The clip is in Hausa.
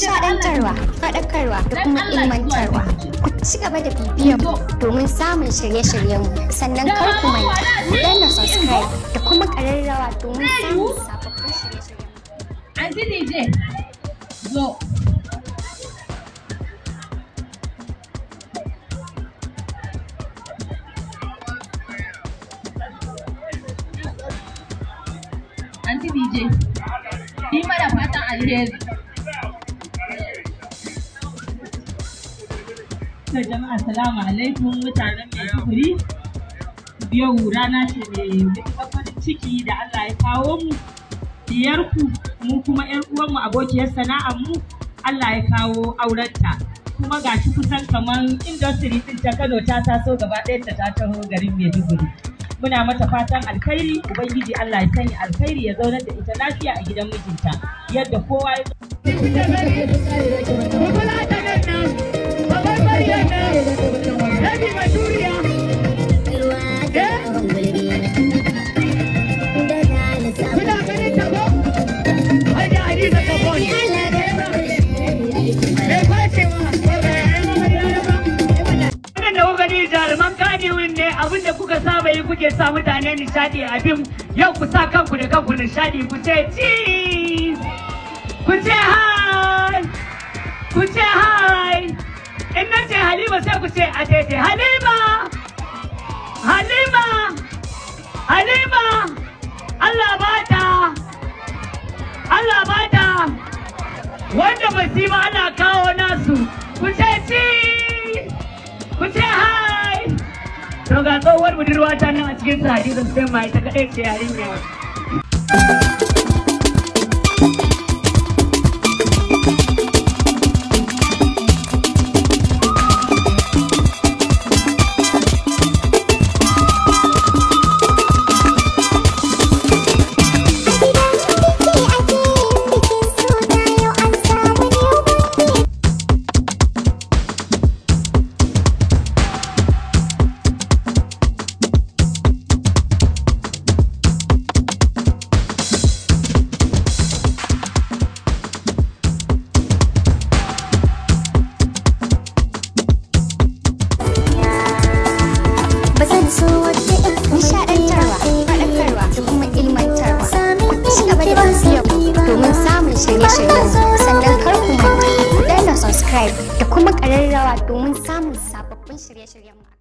nishadantarwa faɗakarwa da kuma ilmantarwa. Ku ci gaba da mu domin samun shirye-shiryenmu sannan kar ku manta ku danna subscribe da kuma ƙararrawa domin samun sababbin shirye-shiryenmu. mu. Anti DJ, ni mana fatan alheri. ta jama'a salamu alaikum mutanen maiduguri yau rana ce mai farin ciki da allah ya kawo mu diyarku mu kuma yar uwanmu abokiyar sana'ar mu allah ya kawo aurenta kuma ga shi kusan kamar industry din ta kano ta taso gaba ɗayanta ta taho garin maiduguri muna mata fatan alkhairi ubangiji allah ya sanya alkhairi ya zaunar da ita lafiya a gidan mijinta yadda kowa ya abin da kuka saba yi kuke sa mutane nishadi abin yau ku sa kanku da kanku nishadi ku ce cheese ku ce hai ku ce hi in na ce halima sai ku ce a tete halima halima halima Allah bata Allah bata wanda basima ana kawo nasu ku ce cheese to ga tsohuwar budurwa ta nan a cikin sa hadiza sai mai ta kaɗai ce yarinya shirye-shiryen sannan kar ku manta ku danna subscribe da kuma ƙararrawa domin samun sababbin shirye-shiryen mu